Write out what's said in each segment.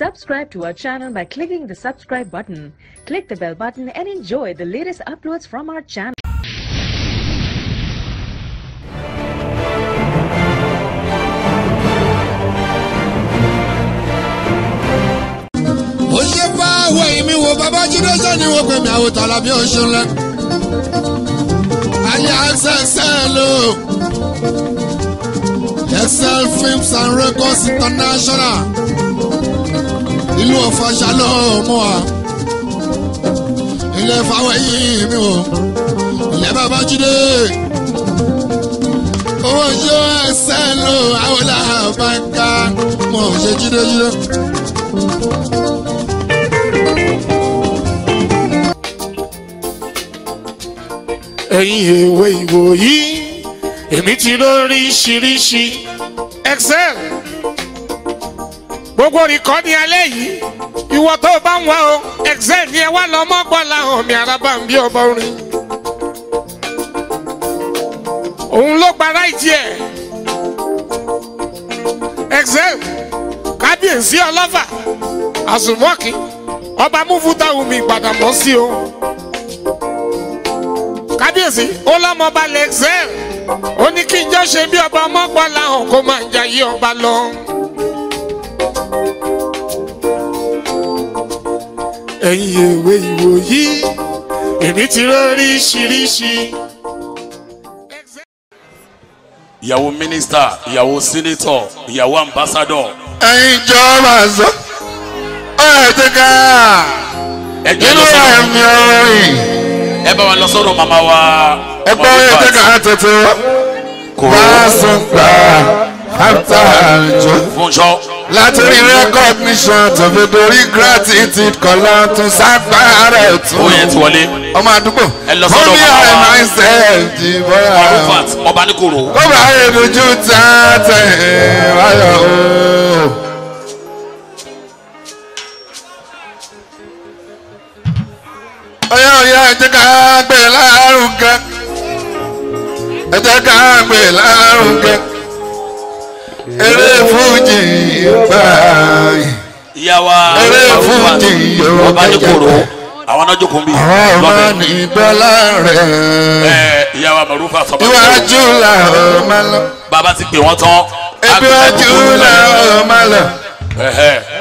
Subscribe to our channel by clicking the subscribe button. Click the bell button and enjoy the latest uploads from our channel. Excel Films and Records International ìlú ọ̀fọ̀ṣà lọ́mọ wa ilé fáwọn yìí mi wọ̀ ilé bàbá jíde owó yó ẹsẹ̀ lò àwọn làbàkà mọ̀ ṣe jíde jíde. ẹ̀yin èwe ìwòyí èmi ti lóríṣiríṣi excel gbogbo rìkọ́dì alẹ́ yìí ìwọ tó bá ń wá o excel ni ẹ wá lọ mọ́ gbọ́lá omi araba ń bí ọba orin. òun ló gba ráìtì ẹ̀ excel kábíyèsí ọlọ́fà àsùnmọ́kì ọba múfúta omi ìgbàdàmọ́ sí o kábíyèsí ó lọ́mọba lẹ́xẹ́l ó ní kí n jọ́ ṣe bí ọba ọmọ gbọ́lá hàn kó máa ń jayé ọba lọ. ẹ̀yin èwe ìwòyí èmi ti lóríṣiríṣi. ìyàwó mínísítà ìyàwó sínétọ̀ ìyàwó àmbásádọ̀. ẹ̀yin jọba sọ ọ̀rẹ́ ti ká nínú ẹ̀mí ọ̀rọ̀ yìí. ẹ bá wa lọ sọ́dọ̀ màmá wa. ẹ gbọ́ ọ̀rẹ́ ti ká tètè wá. kò bá a sùn gbà after àjọ. láti rí recognition tòfin torí gratitude kọ́lá tún sábà rẹ̀ tún. oyè ti wọlé. ọmọ àdúgbò. ẹ lọ sọ́dọ̀ bàbá wa bóyá ẹ̀ náà ṣe jí bóyá. arúfat ọba ní koro. kóbá ìdójú tá a tẹ̀ wáyọ̀ o. ọyá ọyá ẹ jẹ́ ká gbé lárugẹ ẹ jẹ́ ká gbé lárugẹ eré fújì pa ìyàwó eré fújì ọba jòkòrò àwọn náà jòkó bí. àwọn ọmọ ní dọ́là rẹ̀. ẹ ìyàwó àmọ̀rúfà sọ. iwájú la ọmọ lọ. bàbá ti pè wọ́n tán. ebi wájú la ọmọ lọ.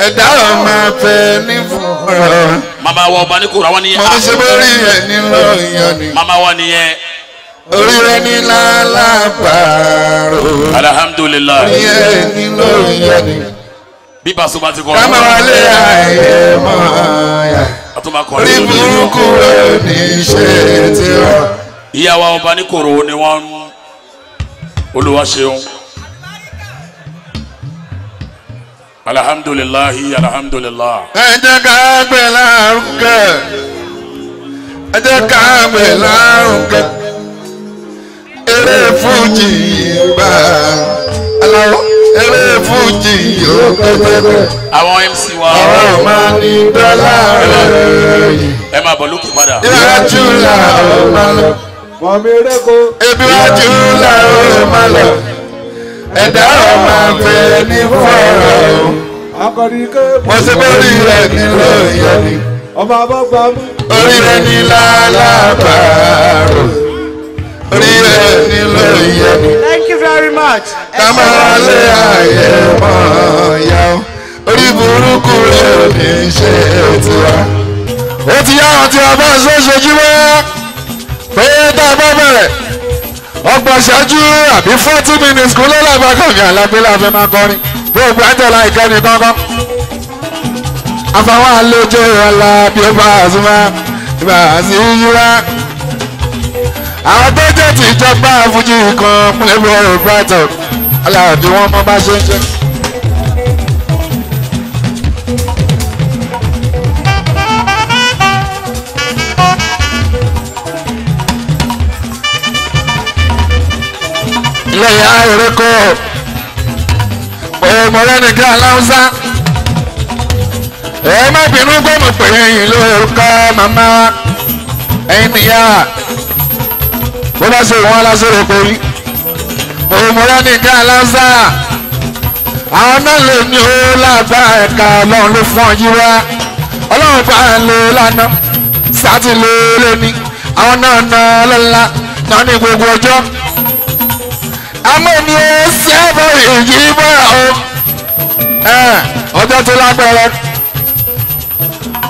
ẹ̀dá ọmọ fẹ́ ní fúnra. Mama wa ọba ní kúrò àwọn ní. mo ṣe bẹ́ẹ̀ rí ẹni lọ́yọ̀ ni. màmá wa nìyẹn oríire ní lálàbàrò. alhamdulilayi. oríire ní lórí ẹni. bí pàṣẹ bá ti kọ́. kámẹ́rálé ayé mọ́ya. orí burúkú rẹ̀ ní ṣe ti rọ. ìyàwó ọba ní koro ni wọ́n ń olúwa ṣeun. alhamdulilayi alhamdulilayi. ẹ jẹ́ ká gbẹ̀ lárugẹ ẹ jẹ́ ká gbẹ̀ lárugẹ eré fújì gbà aláró eré fújì yóò pẹ́pẹ́pẹ́. àwọn mc wa ọ̀rọ̀ máa ní dọ́là rẹ̀. ẹ máa bọ̀ lókè padà. ìrájú làwọn máa lọ. mọ̀mí rẹ́kọ. ebi rájú làwọn máa lọ. ẹ̀dá ọ̀ máa fẹ́ ní fọ́ọ̀rọ̀. akọni ké. wọ́n ṣe bẹ́ẹ̀ rí rẹ̀ nílò ìyá ni. ọmọ abọ́gbàmù. orí rẹ̀ ní làálàá thank you very much. ká máa lé ààyè máa yá o orí burúkú rẹ̀ ò ní ṣe tiwa. ó ti yá àti àbá ìṣojúmọ́ pé tá a bá bẹ̀rẹ̀ ọgbọ̀n ṣẹ́jú àbí forty minutes kú lọ́lọ́gbà kọ̀ọ̀kan alábẹ́lẹ́ afẹ́ máa kọrin bó o gbà ń tẹ̀lé àfàwọn àlejò ọ̀la bí ó bá a sún mọ́ ìbá a sì yíra àwọn tó jẹ́ ti ìjọba àfújì kan pínlẹ̀ ẹ̀rọ brighton aláàbí wọn mọ bá ṣe ń jẹ́. lẹ́yìn ayọ̀rẹ́ kọ́ pẹ̀lú mọ̀lẹ́nìkẹ́ aláwùsá ẹ má bínú gbọ́mọ̀ pẹ̀lú ẹ̀yìn lórúkọ màmá ẹ̀yìn nìyá bó bá ṣe wọn aláṣọrọ pẹ̀lú òmùrá nìkan aláṣà àwọn náà lè ní ó lágbá ẹ̀ka ọlọ́run ló fún ọyí wá ọlọ́run bá ń lo lánà sátì ló lé ní àwọn náà ná lọ́la náà ní gbogbo ọjọ́ àmọ́ ni ó sẹ́bọ̀ èyí bọ̀ ọ́ ọjọ́ tó lágbára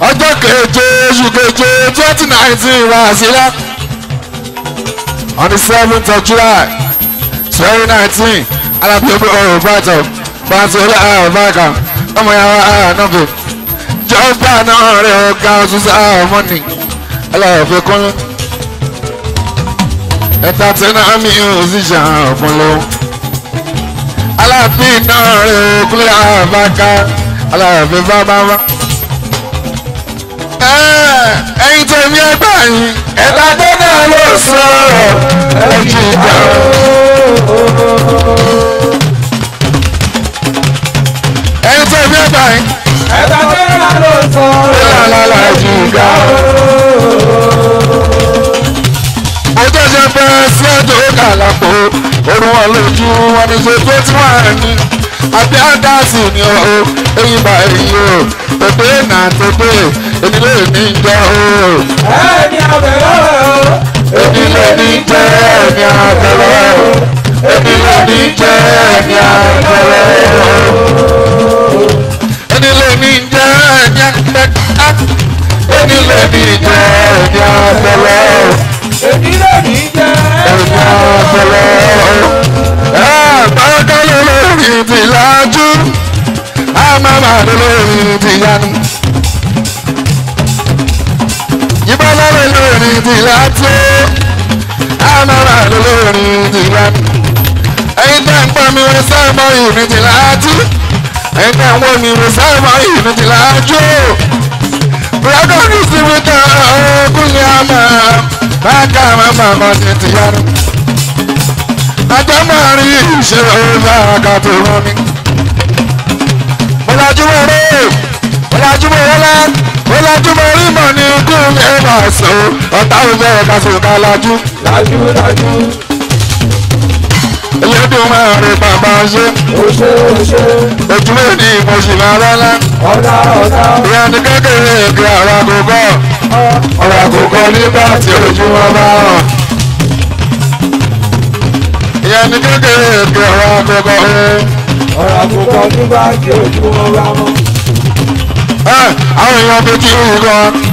ọjọ́ keje oṣù keje twenty nineteen wá sílẹ̀ on the seventh of July I'll I'll be up on the all twenty nineteen alábíyẹ̀bí ọ̀rọ̀ ìbátan pàtẹ́lẹ̀ àbáka ọmọ yàrá ànábẹ̀ jọba náà rẹ̀ ọ̀gá ọ̀túnṣe àmọ́ni aláàfẹ́ kọ́lọ́ ẹ̀ta tẹ́lẹ̀ àmì òṣìṣẹ́ ọ̀pọ̀lọ́ aláàbí náà rẹ̀ ọ̀kúnlẹ̀ àbáka aláàfẹ́ bábáwá hey, anytime you're yìí ẹ̀ka tó náà ló sọ̀rọ̀ ẹ̀jì ìjà. ẹni tó ẹbí ẹgbà yín. ẹ̀ka tó náà ló sọ̀rọ̀ ẹ̀jì ìjà. ojú ẹ̀jẹ̀ pẹ́ sí ẹ̀jọ̀ ó kà lápò orun wọn lójú wọn ní ṣe tó tí wọ́n á ní àbí àdáàsì ni ó eyín bá èyí o tètè náà tètè ìdílé mi ń jẹ́ o. ẹni àbẹ̀wò ìdílé mi ń jẹ́ ẹni àbẹ̀wò ìdílé mi ń jẹ́ ẹni àbẹ̀wò. ìdílé mi ń jẹ́ ẹni àbẹ̀wò ìdílé mi ń jẹ́ ẹni àbẹ̀wò. ìdílé mi ń jẹ́ ẹni àbẹ̀wò. ẹ gbọ́dọ̀ lórí ìbílájú a máa bá lórí ìbílájú. lórí ìdílé àti àmàrà lórí ìdílé àti. ẹ̀yin tẹ́ ń pọ̀ mi rẹ sáàmọ́ ìrìndínlá àti ẹ̀yin tẹ́ ń wọ́n mi rẹ sáàmọ́ ìrìndínlá àjò. bùrọ̀dọ̀ ní sinmi tán ọkùn ní àmà báàkà màmá kan ti ti yára. àjọmọ́ rí ìṣòro ìfàkà tó rán mi. mo lajú mọ́ rẹ́ mo lajú mọ́ lẹ́nu ọlájú mo rí mọ̀ ní ikú mi máa sọ ọ̀tá mi bẹ̀rẹ̀ ká sọ ká lájú. lájú lájú. Elédùn máa rí bàbá ṣe. Oṣé oṣé. Ojúlé ni mo sì máa rọ́lá. Ọ̀dà ọ̀dà. Ìyá ni kékeré èké ara kò bọ̀. Ọ̀rọ̀ kò kọ nígbà tí ojú wọn bá hàn. Ìyá ni kékeré èké ara kò bọ̀. Ọ̀rọ̀ kò kọ nígbà tí ojú wọn bá hàn. Ah, àwọn èèyàn tó ti rú gan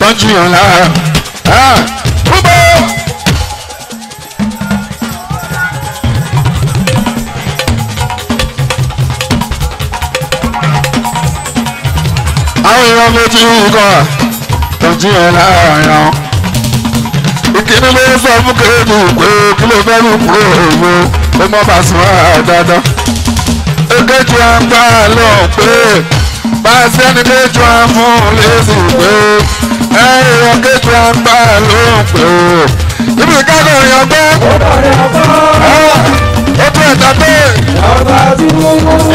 ah, àwọn èèyàn tó ti rú gan tó ìkíni ló sọ fún kéèdù pé kí ló fẹ́ mú kúrò èèwọ̀ ó mọ́ bàtí wọ́n á dáadáa. èkejì à ń gbà lọ pé pàṣẹni kéjọ amú lẹ́sìn pé ẹ̀rọ kéjọ àgbà ló ń pè ó. ibi kákò rìn ọgbẹ́. Ah, ó tún ẹ̀dá pé.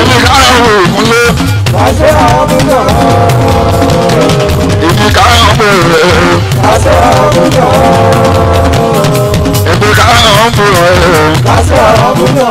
ibi káyọ̀ wò ìkúnlé. ibi káyọ̀ bèrè. ibi káyọ̀ ń bèrè.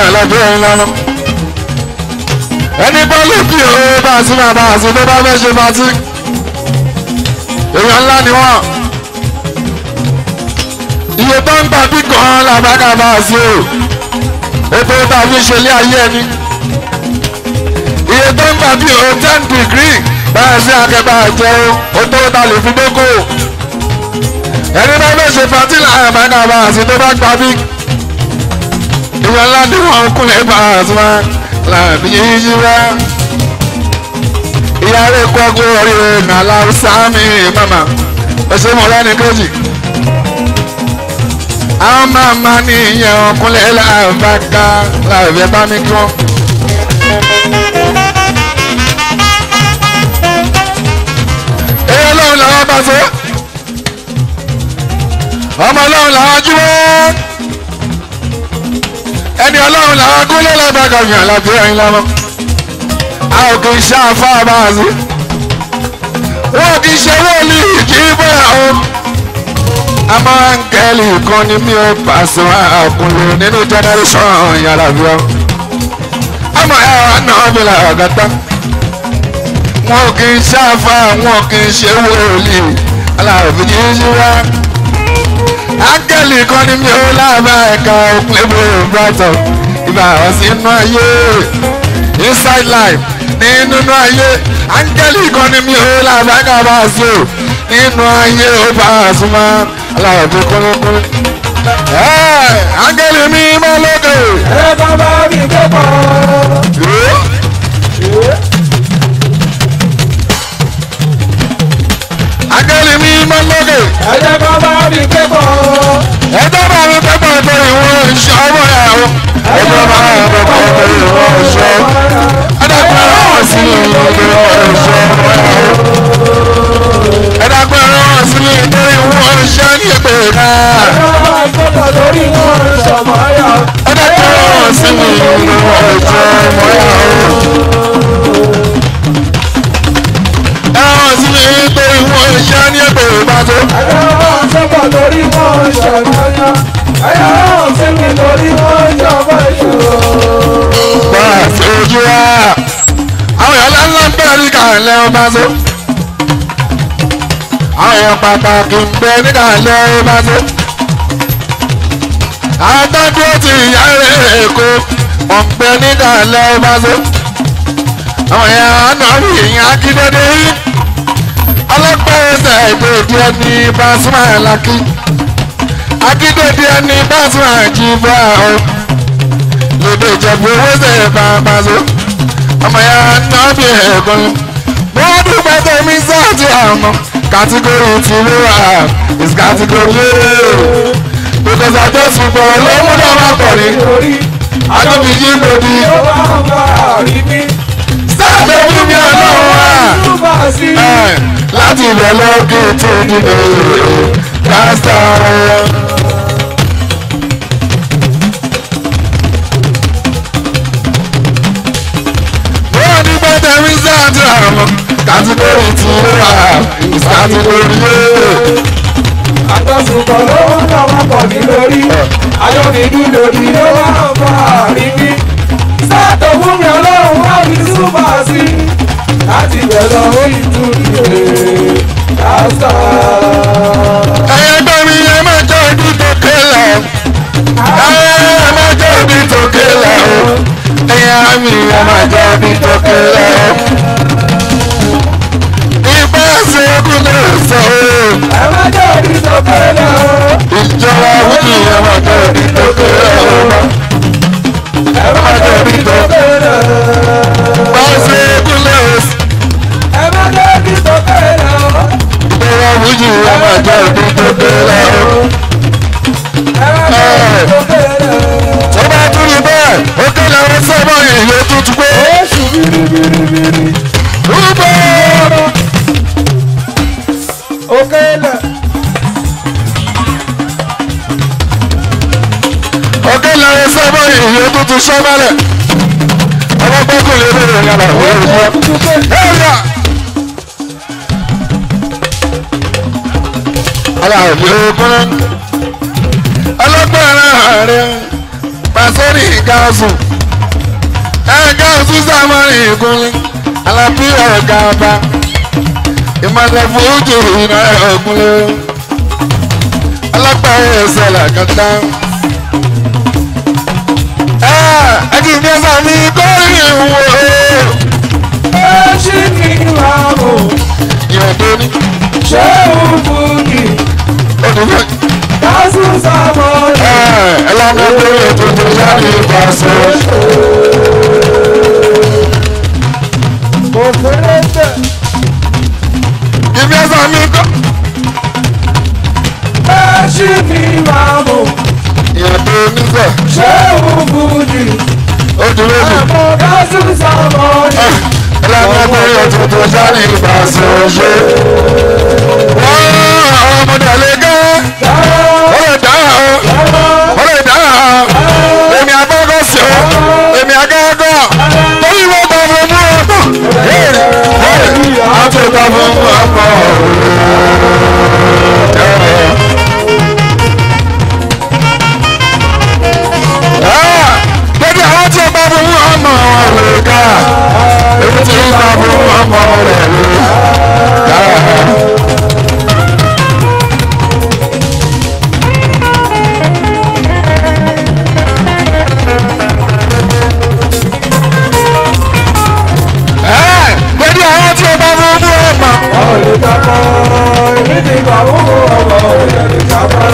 ní ọlọ́jọ́ ìlànà. ẹni bá lè bí òwe bá a sí máa bá a sí ló bá fẹ́ ṣe patí. èèyàn ńlá ni wọ́n. iye tó ń gbà bí gan-an làbákà bá a sí o. epo bá a fi ṣe ilé ayé ẹni. iye tó ń gbà bí o ten degree bá a sí akẹ́bà jẹ́ o. o tó ta lè fi dógò. ẹni bá fẹ́ ṣe patí làbákà bá a sí ló bá gbà bí. I'm aládùúgbò kúnlẹ̀ bá àtúmá làbí I'm ìyá rẹ̀ kọ́ I'm oríire nàlá sámi màmá ẹ̀sìn I'm ní kejì. àwọn màmá ní ìyẹn ọkùnlẹ̀ làbàkà làbẹ̀ bá mi kí wọ́n. èyí ọlọ́run làwọn bá ṣe ọmọ ọlọ́run làwọn jí wọ́n ẹni ọlọ́run làwọn kúlẹ̀ lọ́gbàgàmì àlàbí ẹ̀yìn lọ́mọ. a ò kì í ṣe àfáà máa ní. wọ́n kì í ṣe wọ́ọ̀lì kì í bọ́ra o. amáńkẹ́lì kan ni mi ò pàṣẹ wá àkùnrin nínú jẹ́nẹ́rẹ́sọ̀n yàrá bí ọ́. ọmọ ẹ̀ ọ̀nà ọ̀bìnrin àgàtà. wọ́n kì í ṣe àfáà wọ́n kì í ṣe wọ́ọ̀lì aláàbí yìí ṣe wá. Angeli kan ní mi ò láàbà ẹ̀ka òpinbo brighton ìbá wọn sínú ayé inside life nínú ayé áńgẹ́lì kan ní mi ò láàbà ẹ̀ka bá a sọ nínú ayé ó bá a súnmọ́ aláwọ̀ Angeli mi máa lókè. ẹ bá bá mi dé pọ̀. lè mí máa ń lókè. ẹjẹ bá bá mi kẹ́kọ̀ọ́. ẹjẹ bá mi kẹ́kọ̀ọ́ nítorí ìwọ ìṣe ọmọ yà ó. ẹjẹ bá mi kẹ́kọ̀ọ́ nítorí ìwọ ìṣe ọmọ yà ó. ẹjẹ bá mi kẹ́kọ̀ọ́ sí mi nítorí ìwọ ìṣe ọmọ yà ó. ẹjẹ bá mi kẹ́kọ̀ọ́ sí mi nítorí ìwọ ìṣe ìgbè ká. ẹjẹ bá mi kẹ́kọ̀ọ́ lórí ìwọ ìṣe ọmọ yà ó. ẹjẹ bá mi kẹ́kọ̀ọ́ sí mi nítorí ìwọ ìṣe ọmọ yà ó. ẹjẹ bá mi kẹ́kọ̀ọ́ sí mi nítorí ìwọ ìṣe ọmọ yà ó ṣe ní ètò ìbáṣe. ayọ̀rọ̀ máa ń sọ́kọ̀ lórí mọ́ ìṣàkóyá ayọ̀rọ̀ máa ń sẹ́kẹ̀ lórí mọ́ ìjọba ìṣòro. bẹ́ẹ̀ sí ojú wa àwọn èèyàn ńlá ń bẹ̀rẹ̀ níkà ńlẹ̀ ìbáṣe. àwọn èèyàn pàtàkì ń bẹ níkà ńlẹ̀ ìbáṣe. àtàkì ó ti yá èkó wọ́n ń bẹ níkà ńlẹ̀ ìbáṣe. àwọn èèyàn àná ìyìn akíndéde yìí ọlọ́pẹ̀ẹ́sẹ̀ ìdòdì ẹni Pasuma Laki akíndòdì ẹni Pasuma jìbọ̀ àwọn lòdì ìjẹ̀bù owó ṣe bàbá so ọmọ ya náà bí ẹ̀gbọ́n wọ́n dúpẹ́ tẹ̀mí sọ́ọ̀tì àmọ́ kàtígórì ti wúrà is kàtígórì because I just fipọ̀ lọ́múdà má pọ̀ ní adóbìyí gbòdì sáà lè fún mi ọlọ́run wá láti ibẹ̀ lọ kí n ti dìde rasta. bẹ́ẹ̀ ni gbọ́dọ̀ rí sáàtì àmọ́ kàtíkórì tí ó wà ìsàtíkórì yé àtọ̀sùnkọ̀ ló ń lọ wọn pọ̀ ní lórí ayọ̀mídú lòdì ló wà fún àárín mi. sáà tó fún mi ọlọ́run wá ní súpà sí i láti bẹ̀ lọ ìlú rẹ̀ rasta. ẹyẹ gbọ́ mi ẹ má jẹ́ ibi tó kélà ẹ má jẹ́ ibi tó kélà ẹyẹ mi ẹ má jẹ́ ibi tó kélà. ìgbà ẹsẹ̀ ogun náà sọ ọ́. ẹ má jẹ́ ibi tó kélà. ìjọba wíìlì ẹ má jẹ́ ibi tó kélà. jẹ́ ibi fújì wọn máa jẹ́ òbí tó bẹ̀rẹ̀ o. tó bá tún ní bẹ́ẹ̀ ó ké lọ́wọ́ sọ́mọ́ ìlú tuntun pé. oṣù bìrìbìrì. rúbọ̀ òkè lẹ̀. òkè lọ́wọ́ sọ́mọ́ ìlú tuntun sọ́mọ́lẹ̀. ọmọ gbọ́kùnrin lè bẹ̀rẹ̀ yàrá òun. ẹ̀rọ. ara òfin kún. ọlọ́gbọ̀nrán rẹ̀ pàṣẹ́rì gáàsù gáàsù sàmọ́rì ìkún alábí ọ̀gá ọba ìmọ̀lẹ̀ fújì náà ògúnlẹ̀ ọlọ́gbọ̀nrán ẹ̀sẹ̀ làkàtà. ẹ kì í bí ẹsẹ̀ mi kọ́ ìwò. ó ṣì ní ìwà o. ìyàtọ̀ ni. ṣé òun fún kìí òdìbẹ́. Jésù sọ̀rọ̀ rẹ̀. Ẹ lọ́mọ ẹgbẹ́ tuntun jáde ìpàṣẹ. Kò fẹ́rẹ́ tẹ̀. Ibi ẹ̀sán mi kọ́. Bẹ́ẹ̀ṣì mi máa mú. Ìyàtọ̀ onífẹ̀. Ṣé òun fújì? Òdìbẹ́ mi. Àmọ́ Jésù sọ̀rọ̀ rẹ̀. Ẹ lọ́mọ ẹgbẹ́ tuntun jáde ìpàṣẹ. Wọ́n àwọn ọmọdé àlejò ọ̀rọ̀ ẹ̀dá ọ̀rọ̀ ẹ̀dá èmi agbọ́gọ́ sí ọ èmi agbọ́gọ́ torí wọ́n bá fún mú ọkọ̀ àtúntà fún mú ọkọ̀ gbogbo àwọn tí ó bá fún mú ọmọ ọ̀rẹ́ ká èmi tí ó bá fún mú ọmọ ọ̀rẹ́ mi ká. ọ̀rẹ́ kápá èmi ti gbà owó ọmọ ọ̀rẹ́ kápá.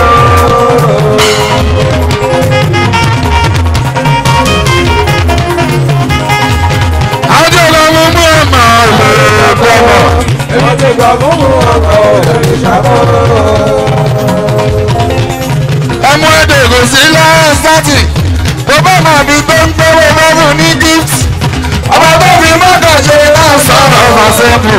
adéọlá mo mú ọmọ ọ̀rẹ́ kápá èmi ti gbà owó ọmọ ọ̀rẹ́ kápá. ọmọ èdè kò sí lọ́wọ́ sátì tó bá màbí tó ń gbé wọ́n fún ní gift ọmọ tó fi mọ́tò ṣe láǹsọ̀rọ̀ ọmọ sẹ́kù.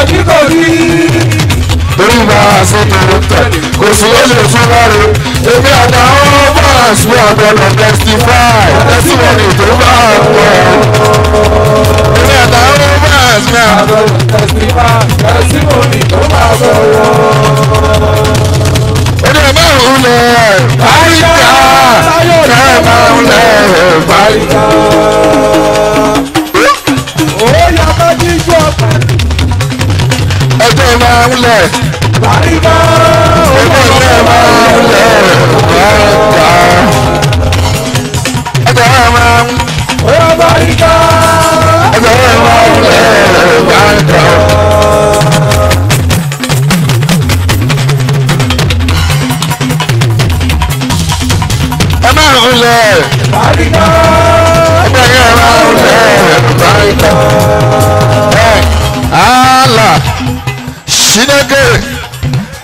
akíkanjú. torí bá a ṣe tòrò tẹ̀ kò sí lóṣù sọ́láre èmi àtàwọn fans wey àgbọ̀dọ̀ testify testimony tó bá a pọ̀. èmi àtàwọn fans wey àgbọ̀dọ̀ testify testimony tó bá a pọ̀. Oní ẹ̀ máa ń lẹ̀ fáríkà, ẹ̀ máa ń lẹ̀ fáríkà. ilé máa ń lẹ̀. wàríwá ilé ilé máa ń lẹ̀ wàríwá. ẹ̀jẹ̀ náà máa ń. ọ̀yọ́ wàríwá. ẹ̀jẹ̀ náà máa ń lẹ̀ wàríwá. ẹ máa ń lẹ̀. wàríwá. ẹ̀jẹ̀ náà máa ń lẹ̀ wàríwá. Allah. Chineke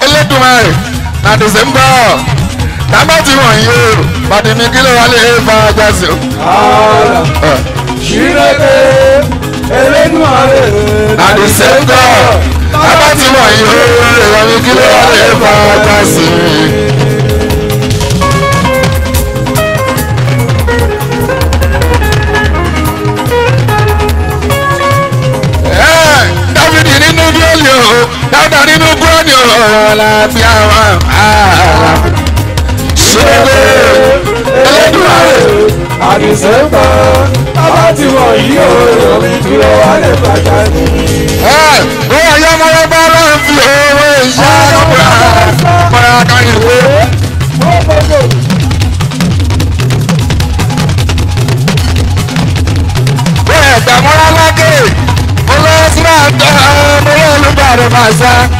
Elédùmarè na December tábàtì wọ̀nyí o pàdé mi kí ló wà lè fa ajá sí o. Chineke Elédùmarè na December tábàtì wọ̀nyí o pàdé mi kí ló wà lè fa ajá sí o. dáadáa nínú kúrọ́ọ̀nì ọ̀rọ̀ làbí àwọn ṣẹlẹ̀ ẹlẹ́dùnmáre. àdìsẹ́ ń bọ̀ bàbá tí wọ́n yí òòrùn omi dúró wà lè bàjá ní. ẹ ẹ ọyọ ọmọlọgbà ọlọ́run fi owó iṣẹ́ ọgbà pàrọ àkànyè wé. bẹ́ẹ̀ gbàmọ́ra lágẹ̀ olóòtú náà tán. Arabasa.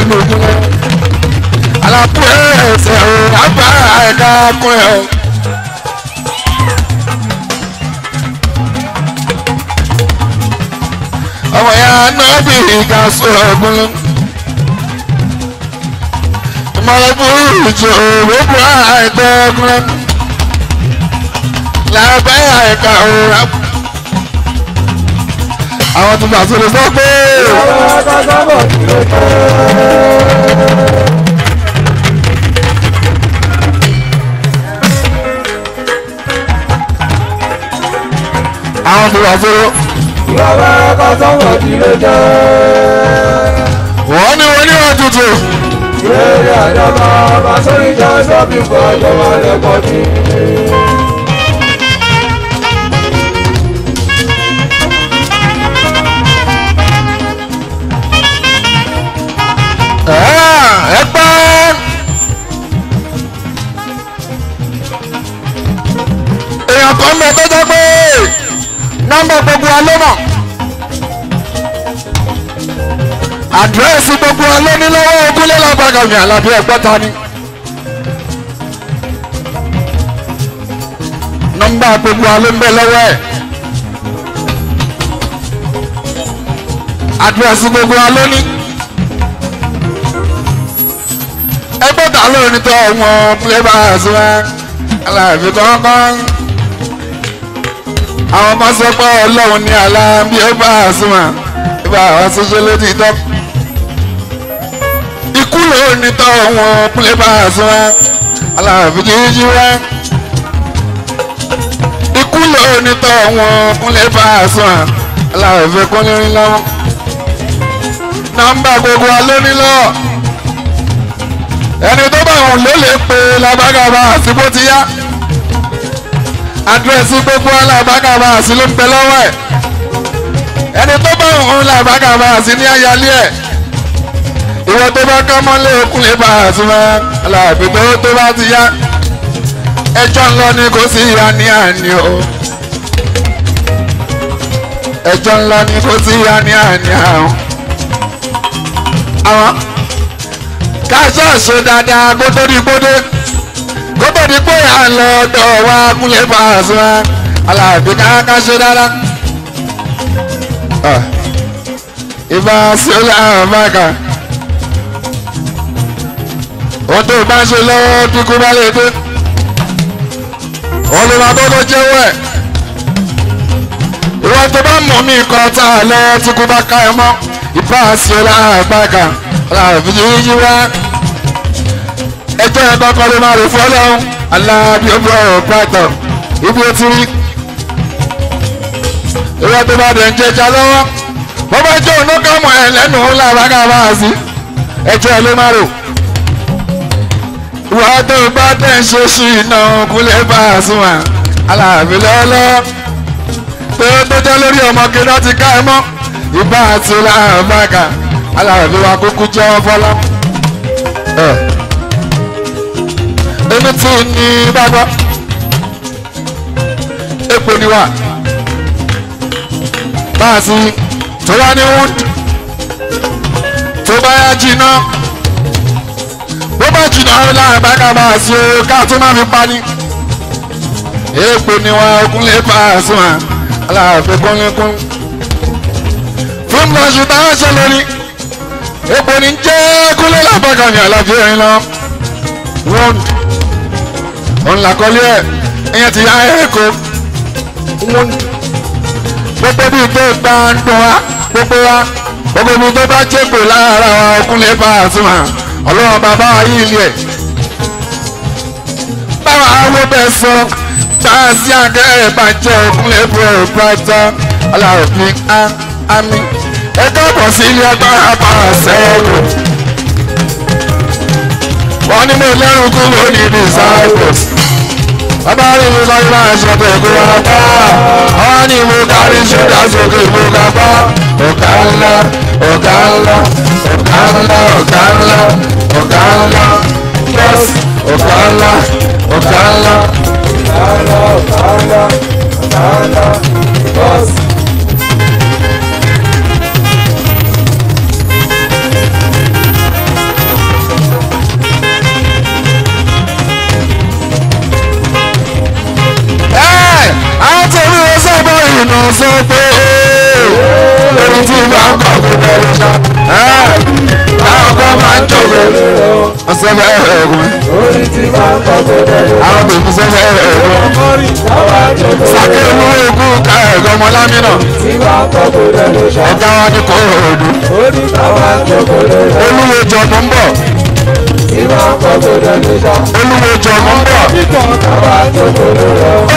ẹnu ogun wọn alápò ẹsẹ o àgbà ẹka kún ẹ ya nọọbì ìka sọ̀rọ̀ ọgbọnọ ọmọlẹbù ìjọ òwòbù àìtọ ọgbọnọ làbẹ àìka àwọn tó gbà sóde sọ pé. àwọn tó gbà sóde. ìwọ́n bá kọ́sọ́mọ̀ tí ló jẹ́. wọ́n ní wọ́n ní wọ́n tuntun. ìrẹ̀lẹ̀ àdàbà bá sórí ìjà sọ́ọ̀bì fún ọjọ́ wọn lẹ́kọ̀ọ́ tí. ń bọ̀ gbogbo wa ló mọ̀ àdírẹ́sì gbogbo wa ló ní lọ́wọ́ mi àlàbí ẹ̀gbọ́ta ni nọ́mbà gbogbo wa ló ń bẹ lọ́wọ́ ẹ̀ àdírẹ́sì gbogbo wa ló ní. ẹgbọ́ta lónìí tó ọmọ pílẹ́bà àṣùwọ̀n aláàbí kọ́ńkọ́ń àwọn máa sọ pé ọlọ́run ní aláàbí ó bá a súnmọ́ ibà àwọn ṣoṣo ló ti tọ́. ikú ló ní tọ́ wọn kúlẹ̀ bá a súnmọ́ aláàbí jíjí wá. ikú ló ní tọ́ wọn kúlẹ̀ bá a súnmọ́ aláàbí kúnlẹ̀ rí lọ́wọ́. gbogbo alẹ́ ẹni tó bá òun ló lè pe lágbára bá àti bó ti yá àdírẹ́sì gbogbo alàbákà máa sí ló ń bẹ lọ́wọ́ ẹ̀ ẹni tó bá òun làbákà máa sí ní ayálé ẹ̀ ìwọ tó bá ká mọ́lé okùn lè bá àtúmọ̀ aláàbí tó tó bá ti yá ẹjọ́ ńlọ ni kò sí ìyá ní àní o ẹjọ́ ńlá ni kò sí ìyá ní àní àwọn. àwọn ká ṣáà ṣe dáadáa kó tó di gbódé di pé à ń lọ ọ̀dọ̀ wa kúnlẹ̀ Pasuma aláàbí káká ṣe dára. Ah, ìbá sọlá àbáka ohun tó bá ṣe lọ́wọ́ kíkú bá lè dé olùwà tó tó jẹ́wọ́ ẹ̀ ìwọ tó bá mú mi kọ́ tá lọ kíkú bá ká ẹ mọ́ ìbá sọlá àbáka aláàbí yíyí wá ẹjọ́ ẹ̀ bá kọ́ ló máa rò fọ́ lọ́wọ́ aláàbí ọgbọ pátọ ibi ó ti rí ìwọ tó bá dẹ̀ ń jẹjà lọ́wọ́ bó bá jẹ́ òun ká mọ̀ ẹ́ lẹ́nu ńlá bákàbá sí ẹjọ́ ẹ ló má rò ìwọ tó bá dẹ̀ ń ṣe iná kúlẹ̀ bá a sùn à aláàbí lọ́lọ́ tó tó jẹ́ lórí ọmọ kìnnà ti ká ẹ mọ́ ìbá àti làbàkà aláàbí wa kúkú jẹ́ ọfọlá èmi tí ní bá gbọ́ èpè ni wà bá a sì tó wá ní wood tó bá yá jìnnà bó bá jìnnà láàrin bá ká bá a sì o ká tó má fi pa ni èpè ni wà ogun lè pa àsùn aláàfin kúnlẹ́kún fún mọ̀ṣù táwọn ṣe lórí èpè ni jẹ́ kúlẹ̀ lábàkàmì àlàfíà yín lọ round ọ̀nlá kọ́lé ẹ̀ ẹ̀yẹn ti yá ẹ̀kọ́ gbogbo bíi tó gbà ń dùn wá gbogbo wa gbogbo bíi tó bá jẹ́pẹ̀ lára wa ọkùnrin bá a sùn hàn ọlọ́run bàbá yìí lẹ̀ báwa ló bẹ sọ tààsí àgẹ́rẹ́ bá jẹ́ ọkùnrin bó o bá tán aláòfin á ámì ẹ káàbọ̀ sí ilé agbára bá a sẹ́yìn wọ́n ní mo lẹ́rù kúrò ní disciples bàbá rí mi sọ yìí máa ṣe pé kó wá bá wọn ni mo kárí ṣúgà sókè mo kà bá ọ̀gá ńlá ọ̀gá ńlá ọ̀gá ńlá ọ̀gá ńlá ọ̀gá ńlá yẹ́sì ọ̀gá ńlá ọ̀gá ńlá ọ̀gá ńlá iná sókè ẹni tí bá ń kọ̀ kó bẹ̀rẹ̀ ṣá. Ọ̀sẹ̀ bẹ́ẹ̀ rẹ̀ ẹ̀gún. Àwọn bèbí sẹ́ bẹ́ẹ̀ rẹ̀ ẹ̀gún. Sàkéwú egún ká ẹ̀gọ́ ọmọ lámìnà. Ẹja wa ni kò ròdù. Olúwo jọ̀ tó ń bọ̀ olùwòjọ mọ ń bọ̀.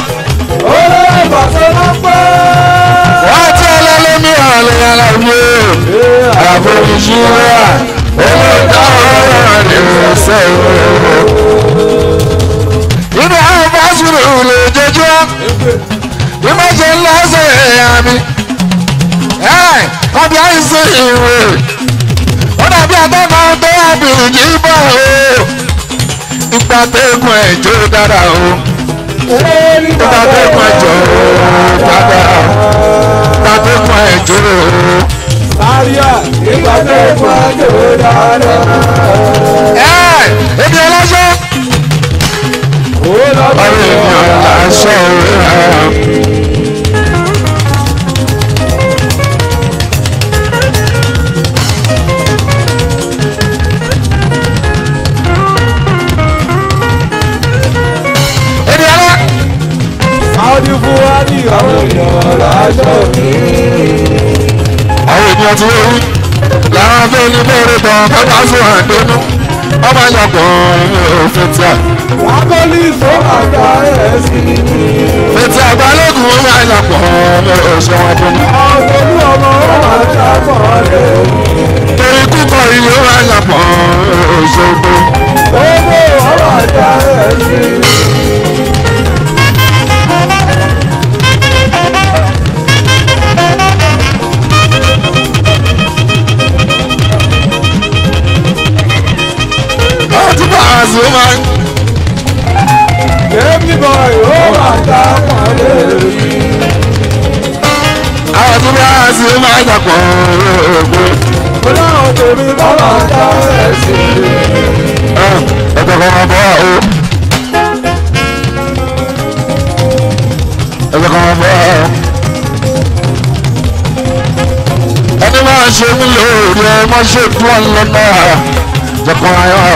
olórí bàtà ló pẹ́. wọ́n ti ọlọ́lẹ́ ní ọ̀lẹ́ aláwọ̀ àbòjúra olùdáwọ̀ ni mo sẹ́ wọ́n. inú àwọn bá sùúrù lè jẹjọ́ bí mo ṣe ń lọ sí ẹ̀yà mi ọbẹ̀ àìsí ìwé ó dàbí àtọ́nà tó àbìrì yìí bọ̀ o ìgbà tó kún ẹ̀jọ́ dára o tàbí pa ẹjọ́ dada tàbí pa ẹjọ́. sáríà ìpàdé pa ẹjọ́ dada. ẹ ebi ọlọ́sọ. ọ̀rẹ́ mi ọ̀la sọ̀rọ̀. rí àwọn èèyàn láṣọ mi. àwọn ènìyàn ti rí làwọn abẹ́ni bẹ́ẹ̀rẹ̀ bọ̀ bàbá sùn àdénú ọmọ yàgbọ́n òfin tí a. wọ́n kọ́ ní ìṣó àgbà ẹ̀ ó wà yàgbọ́ ọ̀ṣẹ́ wọn fún mi. àwọn olú ọmọ ó wà yàgbọ́ rẹ̀ o. torí kúkọ iye ó wà yàgbọ́ ọ̀ṣẹ́ fún mi. owó ọ̀rọ̀ àjà ẹ̀ sí ni. Pasuma. Èmi bọ̀ yóò máa ta pàdé yìí. Àwọn tó bá sí máa dàpọ̀ lóògùn. Bọ́lá don't mi bá máa ta ẹ̀sìn. Ẹ̀jẹ̀ kan máa bọ́ o. Ẹ̀jẹ̀ kan máa bọ́ o. Ẹni máa ṣe mí lóore, ẹ má ṣe tún ọ̀nà náà. Ẹ̀jẹ̀ kan máa yọ o.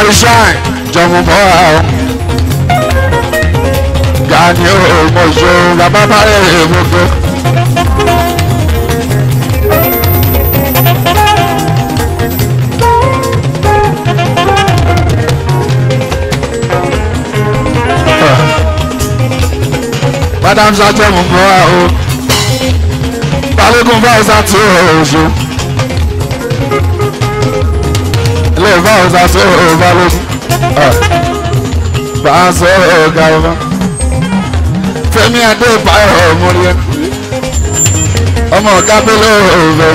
Àríṣàn jọ̀mùbọ̀ àwọn. Gani o mo so bàbá bàrẹ̀ e, èmùgbọ́. Madam Sajẹ́ mú bọ́ àwọn. Balógun bá ọ̀sán tí ilé ìfẹ́ àwọn sá sọ ọba lóṣù bá a sọ ọ̀gá ọba Fẹ́mi Adébáyọ̀ ọmọlẹ ọmọ ọ̀gá pélé ọbẹ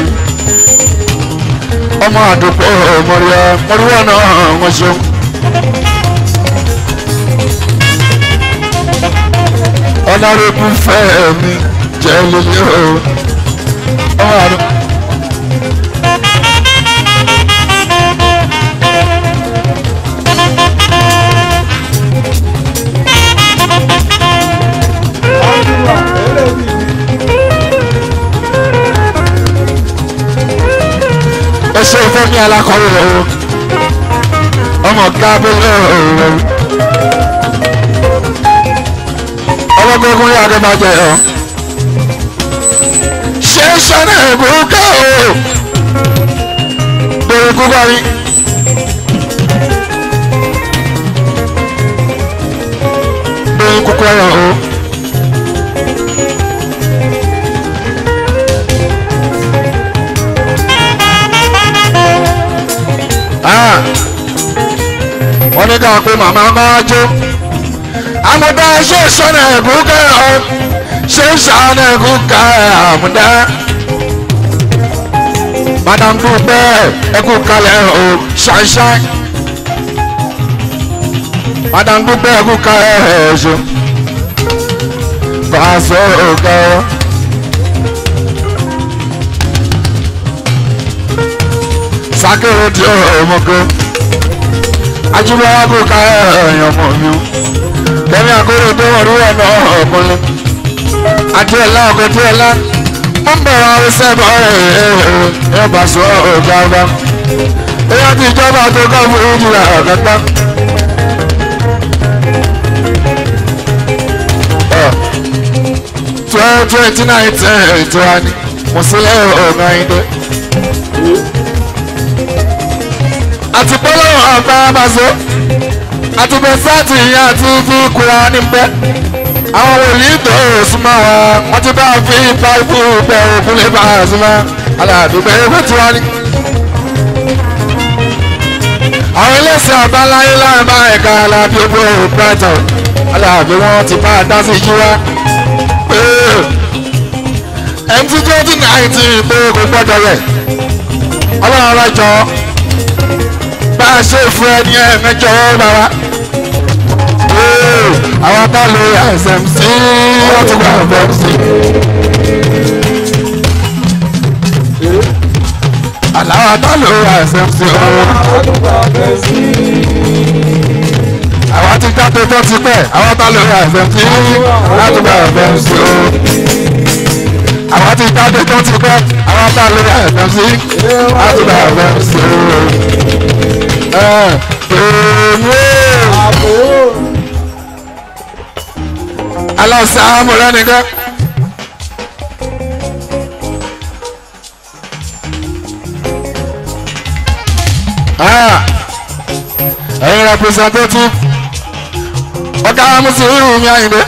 mo àdùpọ̀ ọmọlẹ mọlúwọ náà wọn ṣeun. ọ̀nàrẹ́bù Fẹ́mi jẹ́ lómi ọ̀hún ọmọ àdùpọ̀. ẹ ṣe fẹ́ ní alákọ̀ọ́rẹ́ rẹ o ọmọ gábẹ́lẹ́ rẹ ọlọ́gbẹ́gun yá adébájẹ́ ọ ṣé sọ́nà ìbúkà o lórí kúbá mi. lórí kúkú ayọ̀ o. màmá máa jó àmúdá ṣe sọ́nà ẹ̀gúnkà ṣe sọ́nà ẹ̀gúnkà àmúdá. madam dúpẹ́ ẹkú kalẹ̀ o ṣáṣáì madam dúpẹ́ ẹkú kalẹ̀ ẹ̀ṣọ́ pàṣẹ ọ̀gá wa. sákèrè tí ó mú ajúbọ̀wá kò ká ẹ̀yàn mọ̀ mi o kẹ́mi àkórè tó wọ̀ rúwọ̀ náà ọkùnrin àti ẹ̀lá ọkọ̀ tí ẹ̀lá ń bọ̀rọ̀ ọ̀sẹ̀ bọ̀ ẹ̀ bá sọ ọ̀gáwá ẹ̀yà ti ìjọba tó kọ́ fún ìjìlá ọ̀gáta. twelve twenty nine ten twenty mùsùlùmí ọ̀gá ìdè. àti bọ́lá ọ̀pẹ pàṣẹ àtúbẹ̀sátì àti ibi kura ní bẹ́ àwọn wòlíì tó súnmọ́ wa wọ́n ti bá fi páìpù bẹ òkun lè bá súnmọ́ aládùúgbò ewé tí wọ́n ní. àwọn iléeṣẹ́ àbáláyé láàbá ẹ̀ka alábí owó brighton alábí wọn ti bá a dá sí yíwá pé ẹni tí twenty nineteen pé kò gbọ́dọ̀ ọlọ́run ọlọ́jọ́ máa ah, ṣe fún ẹni ẹ̀ mẹ́jọ bàbá àwọn tá lo smc wọ́n ti gba fmc. àláwọ̀ tá lo smc àwọn ti jáde tó ti pẹ́ àwọn tá lo smc láti gba fmc àwọn ti jáde tó ti pẹ́ àwọn tá lo smc láti gba fmc aláṣàmù lẹ́nìkan. Ah. ẹ̀yin representative ọ̀gá mùsùlùmí mi àyìnbó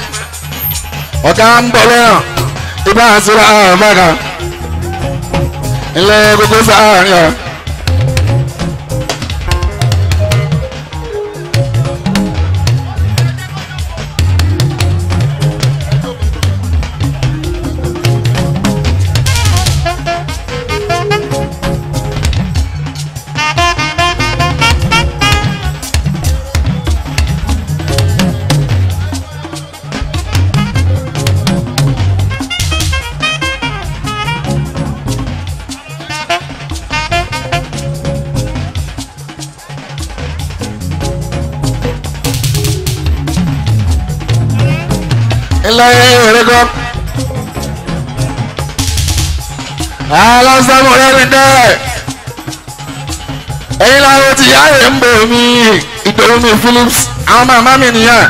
ọ̀gá ń bọ̀ lẹ́yìn ibà àti ìbára àbára ilẹ̀ gbogbo sáà ni ọ̀. àwọn màmá mi nìyẹn.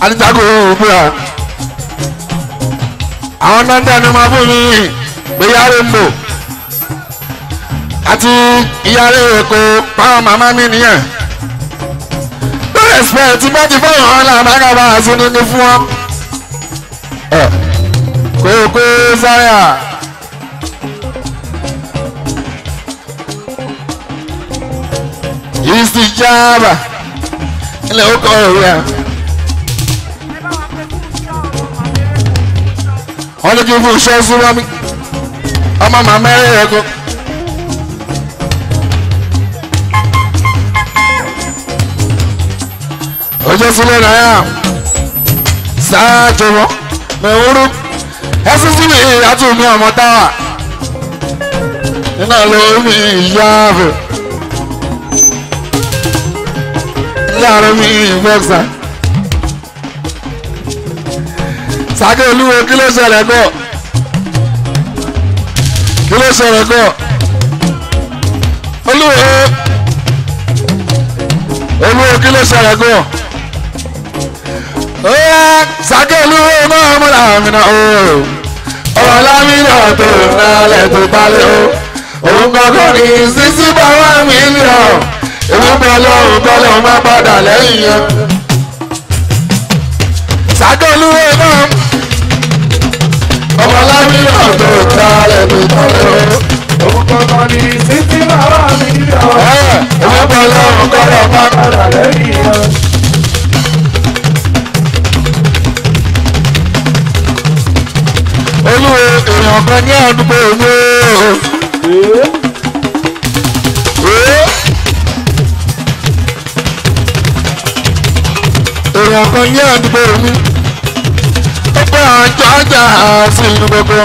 alijago òmùra àwọn nọ́ńdà ni máa fún mi gbéyàwó mbò àti ìyáre èkó báwọn màmá mi nìyẹn. respect bá ti fọwọ́ hàn lábàgà bá a sí nínú fún wọn. kókó sáyà. ìsìjáàbà ilẹ̀ ó kọ́ òwe à. wọ́n ní kí fún iṣẹ́ súnmọ́ mi ọmọ màmá ẹ̀rẹ́ rẹ̀ kọ́. ojú sílẹ̀ náírà sáà jọ̀wọ́ mẹ̀wúrú ẹ̀sìn sí mi ìyá tó ní ọmọ táwà nínú àlọ́ omi ìyá rẹ̀. láàrin mi ìfọ́sà. sàgé olúwo kí ló ṣẹlẹ̀ kọ́ kí ló ṣẹlẹ̀ kọ́ olúwo olúwo kí ló ṣẹlẹ̀ kọ́ sàgé olúwo náà mọ̀ láàmì náà ọ̀rọ̀ lámì náà tó nálẹ̀ tó balẹ̀ o òun gbọ́dọ̀ ní sísí bá wà mílíọ̀nù èmi ń bẹ ọlọ́run kọ́lẹ́ òun máa padà lẹ́yìn yẹn. sàdọ́lúwẹ̀ náà ọmọ aláwí ọ̀dọ́ ta lẹ́nu kọ́lẹ́ o. Òkùnkùn kan ní títí bàbá mi nílò. Ẹ ẹ̀ èmi ń bẹ ọlọ́run kọ́lẹ́ òun máa padà lẹ́yìn yẹn. olúwe èèyàn kan ní àdúgbò mi èèyàn kan ní àdúgbò mi ó pé àwọn jọ́jà sí ìlú gbogbo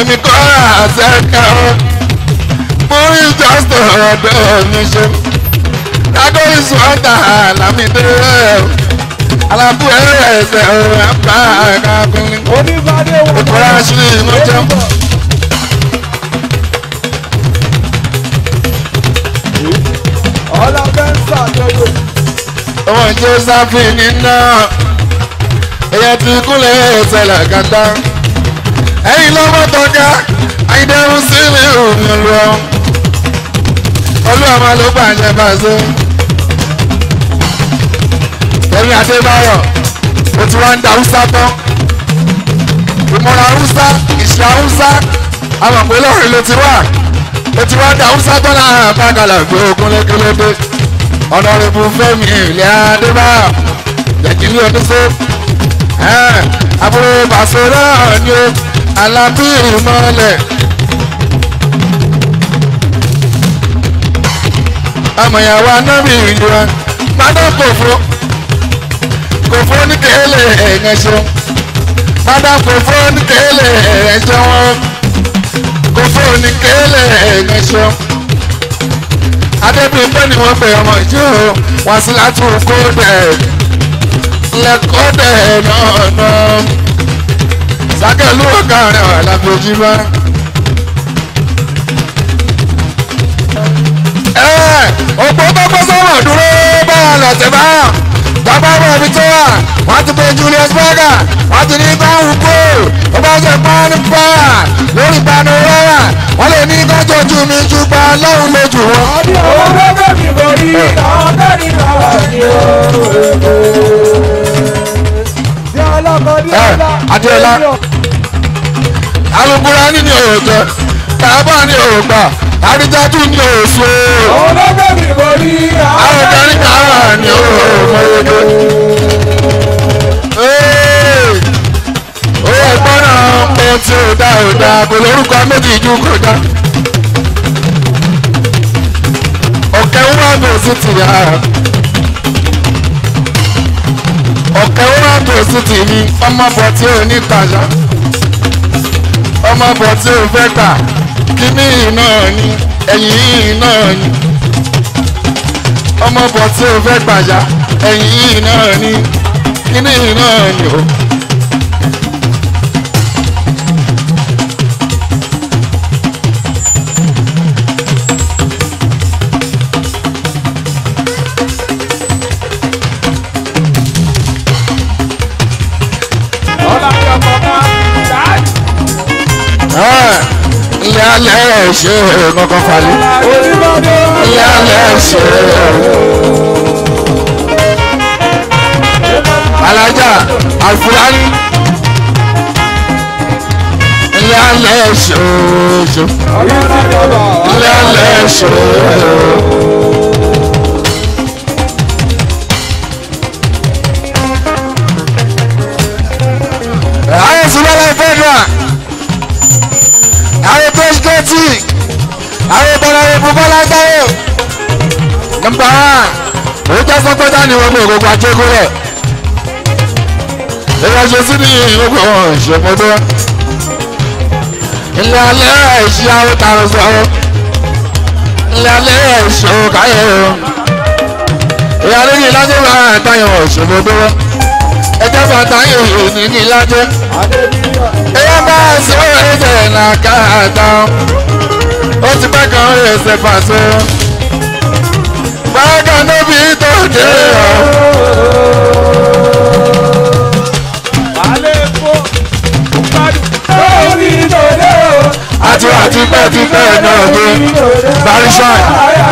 èmi kọ́ àṣẹ́kẹ́ wọn mo rí jọ́sọ̀ ọ̀dọ́ mi ṣe lágọ́ ìṣúwọ́ta làmídé alábù ẹ̀rẹ̀ ẹ̀sẹ̀ ọ̀rọ̀ àpá àkàkùnrin òkúra ṣírí inú jẹun. ọlá bẹ́ńsà lọ́wọ́ ọmọ Jósẹ́fù níná ẹ̀yẹ ti kúnlẹ̀ ẹsẹ̀ làkàtà ẹ̀yìn lọ́wọ́ tọ́já àìdẹ́rù sílẹ̀ òun lọ olúwa máa ló bàjẹ́ bàṣẹ́ ẹ̀mí Adébáyọ̀ mo ti wá ń da Hausa tán ìmọ̀ràn Hausa ìṣe Hausa àwọn àpò Ìlọrin ló ti wà mo ti wá ń da Hausa tán láàrin àpá àgàlà gbé ogun lẹ́kẹ́lẹ́dẹ́. Honorable Fẹ́mi ilé adébáyọ̀ jẹ̀kìlì oníṣẹ́ àbúrò bàṣẹ́rẹ́ ọ̀ni o alábí ìmọ̀lẹ̀. amọ̀yàwó anábì ìrìnjọba mádà kòfó kòfó ní kéèlè ẹ̀yẹ ṣe mádà kòfó ní kéèlè ẹ̀yẹ ṣe wọn kòfó ní kéèlè ẹ̀yẹ ṣe wọn adébíyẹ ni wọ́n pe ọmọ ìjọ wọn sí látún kódẹ̀ lẹ́kọ́dẹ̀ náà náà sákẹ́lú ọ̀gá rẹ̀ làgbèjì bá. ẹ òpó gbogbo sọ̀rọ̀ dúró bá a lọ̀tẹ̀ bá gbàgbọ́wọ́ ẹ̀mí tó wà wọ́n ti pe Julius Berger wọ́n ti ní báwù kó ó bá jẹ́ pàánù pàà lórí ìpanu rárá wọ́n lè ní kọ́jọ́ ju mi ju pa lọ́hùn lójú wọn. owó gbọ́dọ̀ mi kò rí àwọn kẹ́rì máa wà ní ooo. Adéọlá Aluburani ni òòjọ́ Tàbá ni òògbà àdìjà tún ní òṣù. ọlọ́gbẹ́ mi mo rí àwọn ọ̀dọ́rin kan ní òòmọ̀lódé. ó ẹ̀gbọ́n náà mo ti ò dá ò dá bò lórúkọ méjì ju kò dá. ọ̀kẹ́ ń wá mi ò sí tìyà. ọ̀kẹ́ ń wá mi ò sí tìmí ọmọ bọ̀ tí ò ní tàjà ọmọ bọ̀ tí ò fẹ́ tà kínní náà ni ẹ̀yìn náà ni ọmọ bọ̀ tí o fẹ́ gbàjà ẹ̀yìn náà ni kínní náà ni o. ìyálẹ̀ ṣe kankan falẹ̀ ìyálẹ̀ ṣe. alájà alfurani ìyálẹ̀ ṣe ìyálẹ̀ ṣe. àwọn bọ́lá rẹ̀ fún bọ́lá sáré o. nọmba jẹ́ sọ́kọ́tà ni wọ́n mú ògógó ajé kúrẹ̀. ìwọ ṣe sí ní ìlúkọ ìṣòmọdé. ilé alẹ́ ìṣe àwọn tààrà sọ. ilé alẹ́ ìṣe òkàyè o. ìyá lóyún ìlàjẹ́ wà táyà ìṣòmọdé. ẹjẹ́ bàtà yìí ní ìlàjẹ́. ẹ̀yà bá a sọ̀rọ̀ ẹ̀jẹ̀ nàkàtà ó ti pẹ́ kan ẹsẹ̀ fàṣẹ. bákan níbi tó dé ọ. àti àti pẹ́ ti pẹ́ náà ní barishai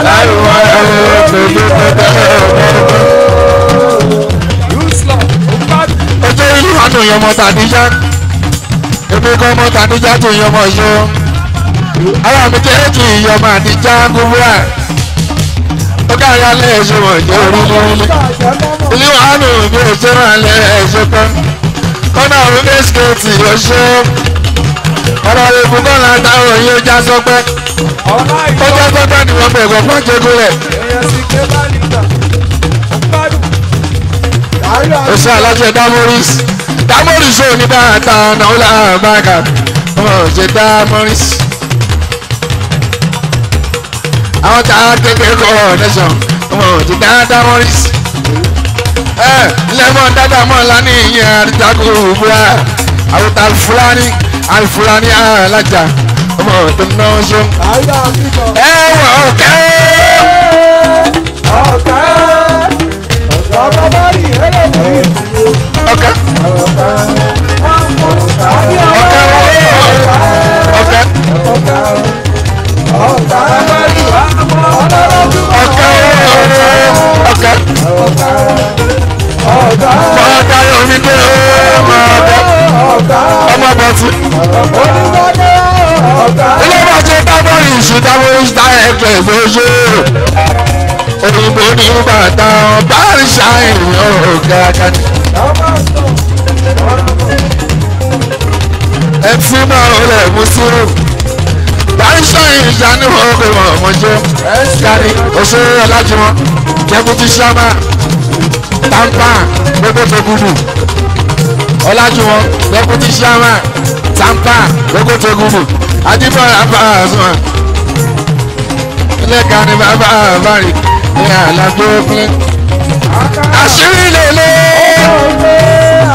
láìwọ ẹ̀rọ tó tó tó tó. ojú ìlú àná ìyọmọ tàdíjà èmi kọ́ ọmọ tàdíjà tó ìyọmọ yìí o ara mi jẹ́ kí ìyọ̀mọ̀ àti jágúwà ó kárí alẹ́ ẹ̀ṣẹ̀ wọ̀ jẹ́ orí mú mi ilé wàhálà òbí ẹ̀ṣẹ̀ wà lẹ́ ẹ̀ṣẹ̀ kan kọ́nà òun ní skẹ́ẹ̀tì ọ̀ṣẹ́ ọ̀rọ̀ ìbùn kọ́ la ta òun yóò já sọ́pẹ́ ó já sọ́pẹ́ ni wọ́n bẹ̀rẹ̀ pọ̀ jẹ́gúnlẹ̀. ẹ̀ṣẹ̀ alájẹ Damoris Damoris ò ní bá a ta ọ̀nà ó là á bá a kà àwọn tá a kékeré kọ́ nation ọmọ òtún dáadáa wọ́n rí sí. ẹ lẹ́mọ̀ dáadáa mọ̀ lánì ìyẹn àdìjákò òwúrọ̀ àwọn tá alfúlání alfúlání alájà ọmọ òtún náà ṣó. ẹ wọ ọkẹ. ọkẹ ọkọ bá rí ẹlẹ́dẹ̀ẹ́. ọkẹ. ọkẹ ọkẹ ọkẹ ọ̀tá ẹgbẹ́rún wa mọ́ ọlọ́dún wa. ọ̀kẹ́ ọ̀kẹ́ ọ̀tá ọ̀tá yomi gbé ọmọ ọ̀tá ọmọ bọ̀tú. onígbàdé ọ̀tá. ilé wa ṣe dábọ̀ ìṣù dábọ̀ ìṣù dá ẹ̀kẹ́ ìṣòṣe. òyìnbó ní bàtà ọ̀bá ìṣà ènìyàn ọ̀gá kàdé. ẹ ti máa ń lẹ̀ mú sírù. Einstein ìjánu ọkọ̀ ìmọ̀ ọmọ jẹ́ Gani Òṣèré Ọlájúmọ́ Jẹ́kútí Ṣámá Tampa Gbogbo Togudu Ọlájúmọ́ Jẹ́kútí Ṣámá Tampa Gbogbo Togudu Adébọ̀rà bá a sùn. Ilé Gani bàbá àbárí ní àlàgbé pín. Àṣírí lèlé.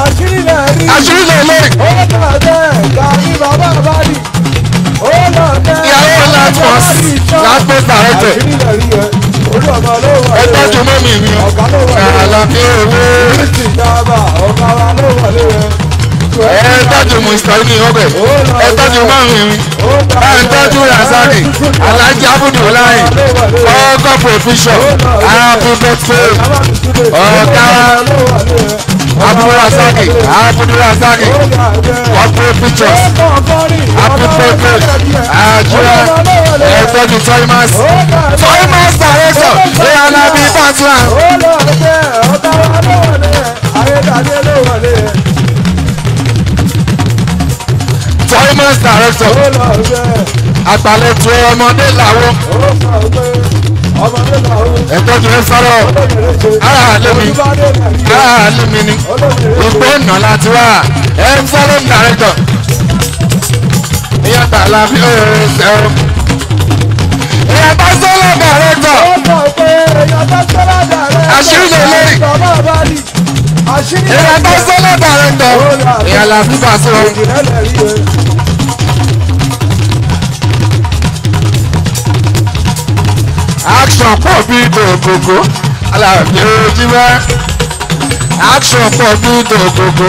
Àṣírí lèlé. Àṣírí lèlé. Ó lè tẹ̀lé bẹ́ẹ̀ Gani ìyàwó light force lágbé director ẹgbẹ́ tó mọ́ mi ni àlàfé owó ẹ tọ́jú mùsùlùmí ní ọbẹ̀ ẹ tọ́jú mi, ún ẹ ń tọ́jú razani alhaji abudu olayi ọkọ̀ profession arabu betfam ọ̀gá abdulrasaki abdulrasaki ọpẹ pictures happy birthday àjọyọ̀ ẹgbẹ́ mi toymas toymas director ìyànà mi bàtúrà. toymas director àgbàlẹ̀ tó ọmọdé làwọn ẹ̀tọ́ ti rẹ sọ̀rọ̀ aráàlú mi aráàlú mi ni gbogbo ọ̀nà láti wá ẹ̀ ń sọ̀rọ̀ ní àrẹ́jọ ìyá tààlà fi ó rẹ sẹ́wọ̀n. ìyá bá sọ̀rọ̀ ní àrẹ́jọ. àṣírí lè lórí. ìyá bá sọ̀rọ̀ ní ìyá làbí bá sọ̀rọ̀. action pọ̀ bí dògògó alábí ojúmọ́ action pọ̀ bí dògògó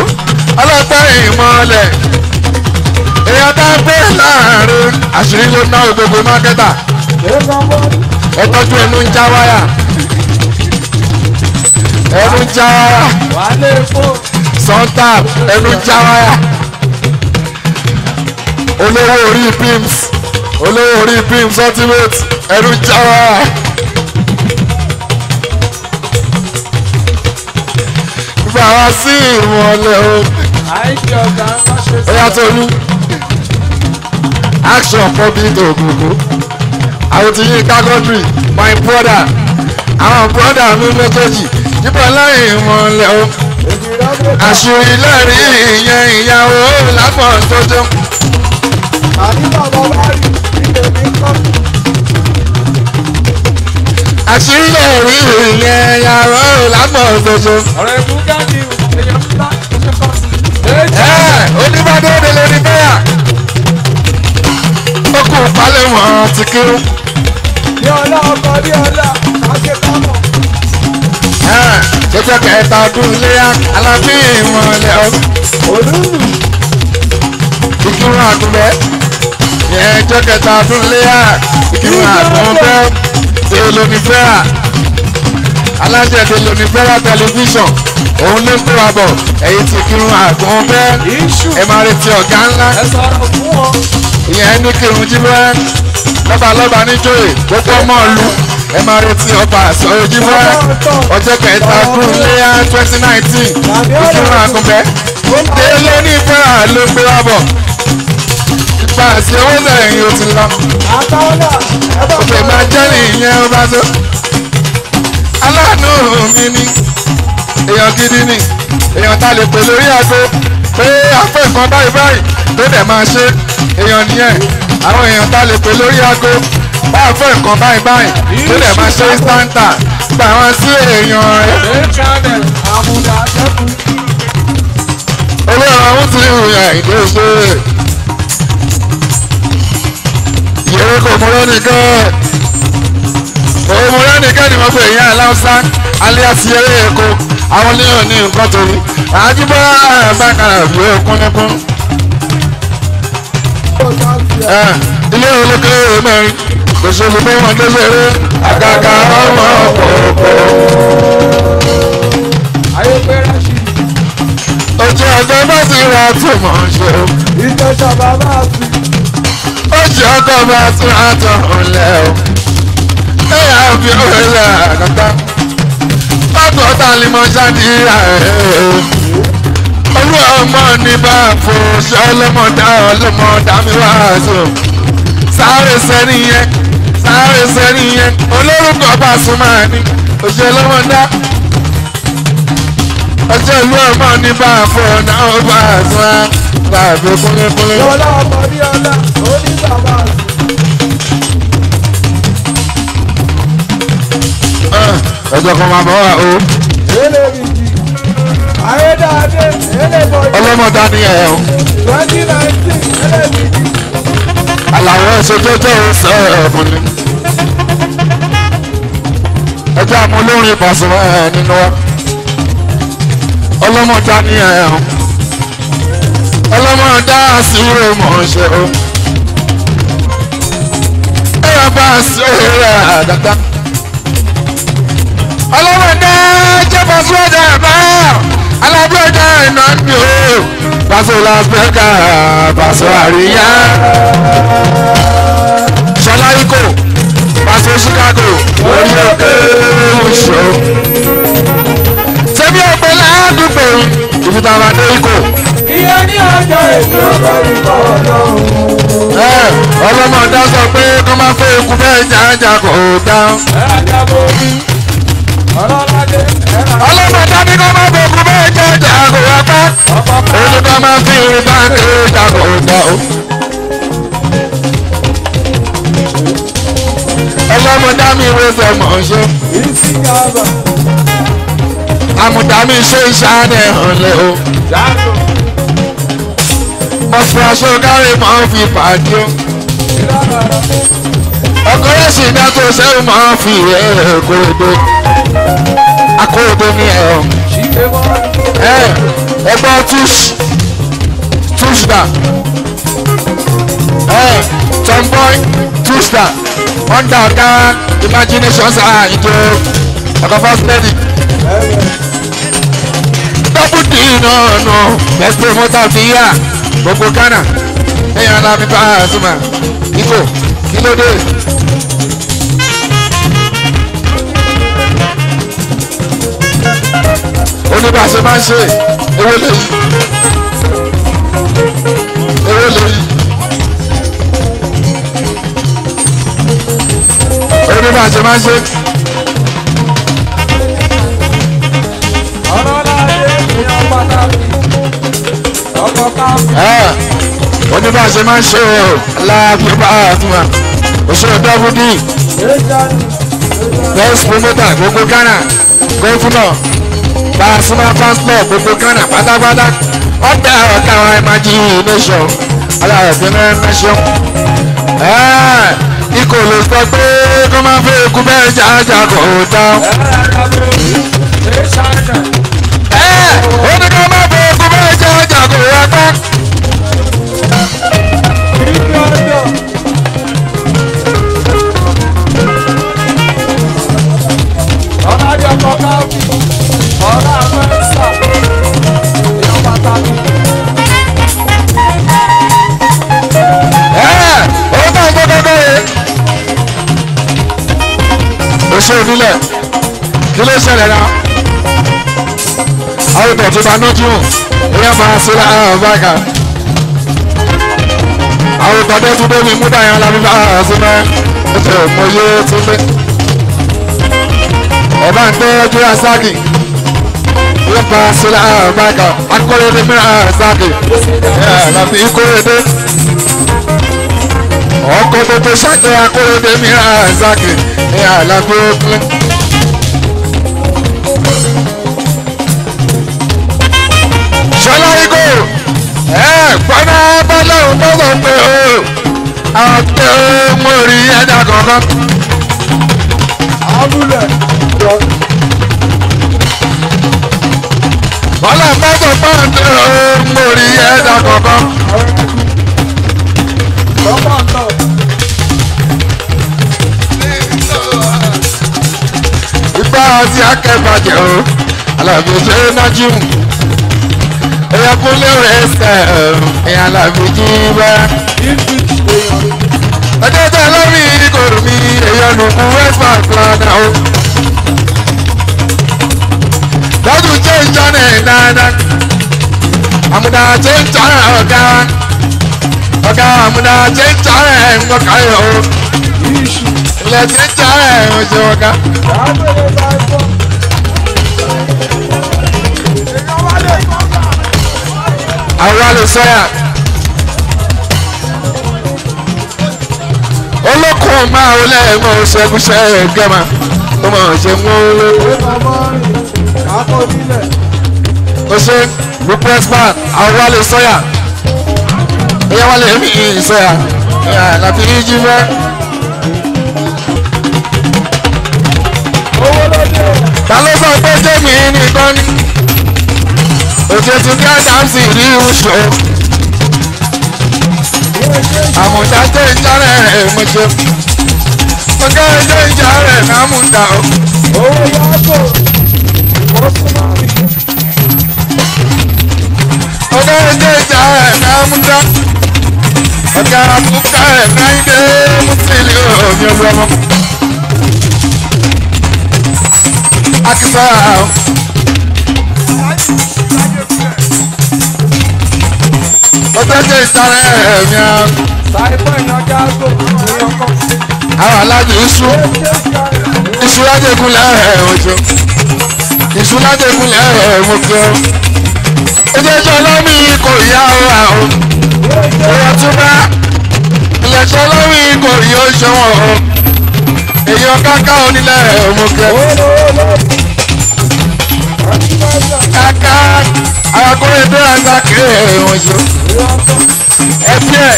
ọlọ́pẹ́ ìmọ̀lẹ̀ èèyàn bá gbé láàrin àṣírí ló ná ògògó mákẹ́tà ẹ tọ́jú ẹnu ń já wáyà ẹnu ń já wáyà sọ́ńtà ẹnu ń já wáyà olówó orí pims olówó orí pims ultimate ẹ̀rù jára. bàbá sí ìmọ̀lẹ̀ o. ẹ̀yà action for big ogogo àwọn ti yín ká country my brother our brother mi méjèèjì jíbọn láyìn ìmọ̀lẹ̀ o. àṣírí lẹ́rìí ìyẹn ìyàwó lápọ̀ tó jẹun. àbí bàbá bá rí not mi kọ́ àṣírí lè rí ìyẹn yàrá òun lápò ṣoṣo. ọ̀rẹ́ mú dájú èèyàn ń bá ṣe kọ́ sí. ẹ onímọ̀dé òde lórí mẹ́yà. ó kù palẹ̀mọ́ ti kírun. bí ọlá ọkọ bí ọlá àṣẹ kọ́mọ̀. ṣètò kẹta ọdún ilé alábí ìmọ̀lẹ̀ ọdún. olúùlù. ìkírun àgùnbẹ́. ìyẹn ìjọ kẹta ọdún ilé ìkírun àgùnbẹ́. Tolonifera alájẹ Tolonifera tẹlifíṣàn òun ló ń kó wa bọ̀ ẹ̀yin ti kírun àgbọn bẹ́ẹ̀ ẹ máa retí ọ̀gá ńlá ìyẹn ní kírun jíbẹ́ lọ́ba lọ́ba níjòyè gbogbo ọmọ ìlú ẹ máa retí ọba àsọyọ jíbẹ́ ọjọ́ kẹta gún léyà twenty nineteen ìkírun àgùnbẹ́ Tolonifera ló ń kó wa ọba àti owó lẹ́yìn o ti lọ. òkè máa jẹ́ nìyẹn ọba tó. aláàánú mi ni èèyàn gidi ni èèyàn ta lè pè lórí aago pé afẹ́ nǹkan báyìí báyìí tó dẹ̀ máa ṣe èèyàn nìyẹn àwọn èèyàn ta lè pè lórí aago bá afẹ́ nǹkan báyìí báyìí tó dẹ̀ máa ṣe ìstáǹtà gbà wá sí èèyàn rẹ̀. olóòrùn àwọn ti ń àìdè ṣe èwe kò mú lẹ́nìkan òun mú lẹ́nìkan ni wọ́n pè yín aláwùsá alias eré èkó àwọn ní òní nǹkan tó ní àjùbọ́ àbákàrà ìwé kúnníkún. ilé olókèrè rẹ̀ mẹ́rin kò sóbi pé wọ́n dé sèré àgàgà ọmọ ọ̀pọ̀lọpọ̀. ojú ọjọ́ bá ti rà tó mọ̀ ń ṣe. ìjọba bàbá àti ó jẹ́ ọkọ̀ bá tún àtọ̀ òǹlẹ̀ o ẹ̀yà fi òǹlẹ̀ àkàtà pátó ọ̀tàlímọ̀ ṣáàdì ààrẹ o olú ọmọ ní bá fòṣọ ọlọ́mọdá ọlọ́mọdá mi wá so sáré sẹ́ni yẹn sáré sẹ́ni yẹn olórúkọ bá súnmọ́ ẹni òṣèlú ọlọ́mọdá ọjọ́ ìlú ọmọ ní bá fòṣọ ọlọ́mọdá ọlọ́mọdá tàbí kúnlẹ́kúnlé. lọ́lá ọmọ rí ọlá ah, òní bàbá àti. ẹjọ́ kan máa bọ̀ wá o. èlé gidi ayédáadé èlé bọ̀dé. ọlọ́mọ ta ni ẹ̀ o. twenty nineteen èlé gidi. àlàó ẹ̀ṣẹ̀ tó tẹ̀ ń sọ ẹ̀kún ni. ẹjọ́ àmọ́ olórin Pasuma ẹ̀ nínú wa. ọlọ́mọ ta ni ẹ̀ o ọlọ́mọ dá àsúrò mọ̀ọ́ṣẹ́ o. ẹ̀rọ bá àsúrò rẹ̀ àdàtà. ọlọ́mọ dá jẹ́pọ̀ sọ́dà bá alábọ́dá iná mi o. pàṣẹ lásìkò pàṣẹ àríyá. ṣọlá ikọ̀ pàṣẹ Chicago. orí ọ̀kẹ́ oṣù. ọlọ́mọ ọ̀dá sọ pé kó má fẹ́ ikú bẹ́ẹ̀ jàǹjà kò dá. ọlọ́mọ ọ̀dá ní kó má fẹ́ ikú bẹ́ẹ̀ jàǹjà kò dá. olùkọ́ máa fi irun bá ń kiri ìjà kò dá o. mi wé sọ mọ̀ ṣe. àmùdá ṣe iṣẹ́ àdéhùn lé o ọ̀fọ̀ aṣọ́kárì máa ń fi pàdé o. ọkọ rẹ̀ sì dákò sẹ́wọ̀n máa ń fi ìwé Akóredé Akóredé ní ẹ̀rọ. ẹgbọ́ túṣì túṣì dà tomboy túṣì dà under ọ̀gá imagination sáà ìjọ ọkọ̀ first lady double d náà nù best promoter of the year gbogbo Ghana ẹ̀yìn ara mi bá Pasuma Igbo kí ló dé. oníbàṣẹ máa ń ṣe ewé lèyí ewé lèyí. oníbàṣẹ máa ń ṣe. ọ̀rọ̀ náà yẹ kí wọ́n ó ah. ní bá a ṣe máa ń ṣe o aláàbùbá àtúmọ̀ òṣèré dábùdì best promoter gbogbo Ghana gómìnà Pasuma passport gbogbo Ghana pátápátá ọ̀tá ọ̀tá wa imagination aláàbùbá náà ṣeun ah. ikọ̀ ló sọ pé kó máa fẹ́ ikú bẹ́ẹ̀ jájà kò tán. Eh, ó ní k kò wá tán. ọ̀làdì ọkọ̀ káàbì ọ̀là àmẹ́sà èèyàn pàtàkì. ọ̀rọ̀ náà gbọ́ gẹ́gẹ́ rẹ̀. oṣù ìbílẹ̀ kí ló ṣẹlẹ̀ náà àwọn ìtọ̀ tó banújù ilé máa ṣe láàrín báyà àwọn ìtọ̀ tó tún débi mú dáyà lábí bá a ṣe mọ́ ẹ̀jẹ̀ òmòye tún lé ọba ń gbé ẹjọ́ àṣàkì ilé máa ṣe láàrín báyà akọ́rẹ́dé mìíràn àṣàkì ẹ̀ láti ikọ́rẹ́dé ọkọ̀ tó tó ṣàkẹ́ akọ́rẹ́dé mìíràn àṣàkì ẹ̀ àlàfo bọ́lọ́run tó sọ pé o àtẹ mo rí ẹja kankan. abúlé jọ. bọ́lá bá sọ pé àtẹ mo rí ẹja kankan. ìgbà àti akẹ́bàjẹ́ o alábẹ́sẹ̀ náà jí mu ẹ̀yà kúnlẹ̀ rẹ̀ sẹ̀ um, ẹ̀yà làbíjì wá. ọjọ́ tó lórí ìdíkòrò mi èèyàn nùkú west bank lọ́dà o. lọ́dún jẹ́ ìjọ́nà ẹ̀ dáadáa. àmúdá ṣe ń tọrọ ọ̀gá ọ̀gá àmúdá ṣe ń tọrọ ẹ̀ ń gbọ́ káyọ̀ o. ilẹ̀ ti ń ẹ̀ ń ọ̀gá. àwọn alùsọ́yà olókùn máa ń lẹ́ mọ́ ṣẹ́gúṣẹ́ gẹ́mà tó máa ṣe mú o ṣe rupert man àwọn alùsọ́yà ìyá wa lè mí ìsọ́yà àti ìjì mẹ́. ta ló sọ pé jẹ́mi nìkan ni òtútù kẹ́ńdàmsì rí oṣù. àmùtá tẹ ń jọrẹ rẹ mo ṣe. ọgá ẹjẹ ń jọrẹ kámúta o. owó yàtọ̀ ìwọ́sùnmáàmì. ọgá ẹjẹ ń jọrẹ kámúta. ọgá àbúkà ẹ̀ náírà mùsùlùmí òmìnira. akíntọ́ àwọn. tẹ́tẹ́ ìsàrẹ́ ẹ̀mí a. àwọn alájò iṣu iṣu lájẹkulẹ̀ ẹ̀ ojú iṣu lájẹkulẹ̀ ẹ̀ mọ̀kẹ́ o. ojoojú ọlọ́mí kò yá o àwọn èèyàn tún bá ilẹ̀ṣẹ̀ ọlọ́mí kò rí oṣù wọn o. èèyàn káká onílẹ̀ ẹ̀ Akóredé Àṣàkè Òjò. Ẹbí ẹ̀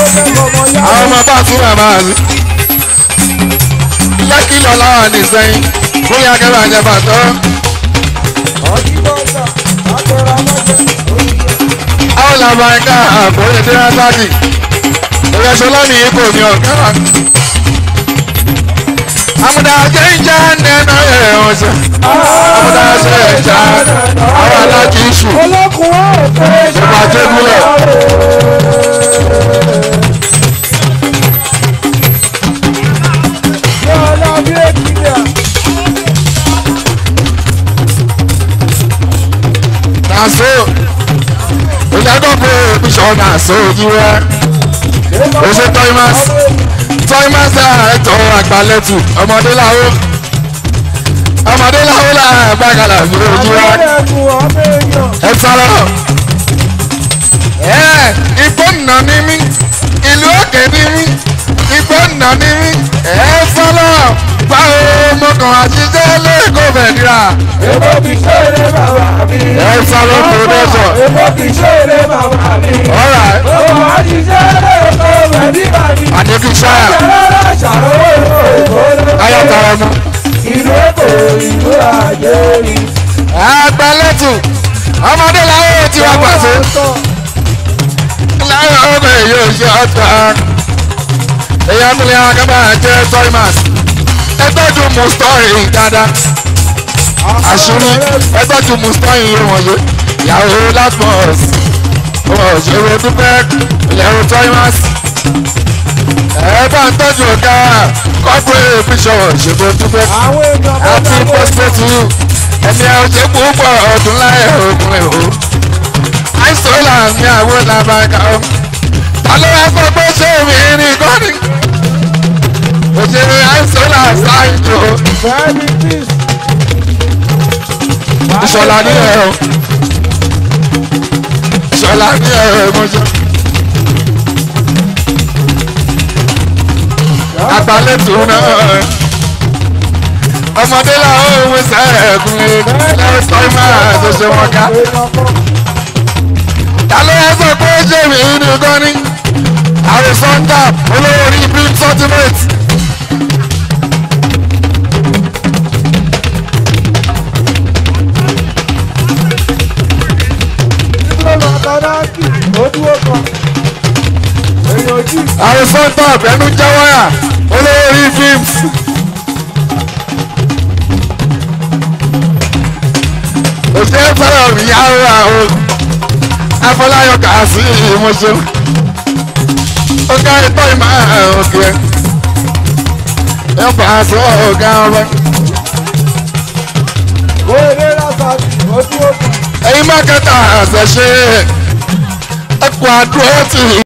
àwọn ọmọ bá tún bàbá mi. Lẹ́kì lọ́la wà ní sẹ́yìn, fún yà kẹ́lá àjẹbà tọ́. Àwọn làbàyíká Akóredé Àṣàkè. Ìrẹsọ̀lá ni ipò mi ọ̀gá amuda jenja nena eosa amuda jenja awa láti isu ọba tẹgbẹ. naso oyagopo bishọ naso yiwe osetọ imas tọ́ímọ́sà ẹ̀tọ́ àgbàlẹ́tù ọmọdé làwọ́ ọmọdé làwọ́ là àgbàgàlà gbòòjú wa ẹ sọ̀rọ̀ ẹ igbó nà ní mí ìlú òkè ní mí igbó nà ní mí ẹ sọ̀rọ̀ bàbá o mo kàn wá ṣiṣẹ́ lẹ́kọ̀ọ́ fẹ̀díra. èmo kì í ṣeré bàbá mi. ẹ sáré production. èmo kì í ṣeré bàbá mi. ọ̀rà. mo kàn wá ṣiṣẹ́ lẹ́kọ̀ọ́ fẹ̀díra mi. àdékù sáyà. ìṣẹ̀lẹ̀ ṣàròwé èkó lẹ́kọ̀ọ́. ayọ̀ tara mu. ìlú èkó ìlú ayé rí. àgbàlẹ́tù ọmọdé láyé tí wọ́n pàṣẹ. láyé ọmọ èyí ò ṣe ọ̀tá. èyí á tún lè hàn kábàá jẹ́ sọ́ìmásì tọ́jú mustahin dáadáa àṣírí ẹ tọ́jú mustahin wọ̀nyí ìyàwó latmos òṣèré dúpẹ́ ìyàwó thomas ẹ bá ń tọ́jú ọ̀gá corporate vision òṣèré dúpẹ́ àti prospect you ẹni ẹ ṣe púpọ̀ ọdún láyé òkùnrin o àìsàn làmì àwọn làbàkà ọ ta ló wá gbọ́ pé ṣé èmi rí gọ́ni òṣèré àìsọ́lá ṣáìjọ. ìṣọ̀lá ní ẹ̀rọ ìṣọ̀lá ní ẹ̀rọ ìmọ̀jọ. àgbálẹ̀tò náà ọmọdé làwọn òwe sẹ́ẹ̀kùn lè sọ máa tó ṣe wọn ká. ta ló yẹ sọ pé ṣèmi nìkan ni àrùn sọ́ńdà olówó ní bíi ultimate. àìsàn tap ẹnu jẹ́ wáyà olórí films. òṣè fẹ́rẹ̀ mi ara o afọláyọ kà á sí ìmọ̀ṣẹ́ ọ̀gá ẹ̀tọ́ ìmọ̀ òkè ẹ̀ bá a sọ ọ̀gá ọ̀rẹ́. ẹ̀yin mákẹ́tà àṣẹ ṣe é. ẹ kó àdúrà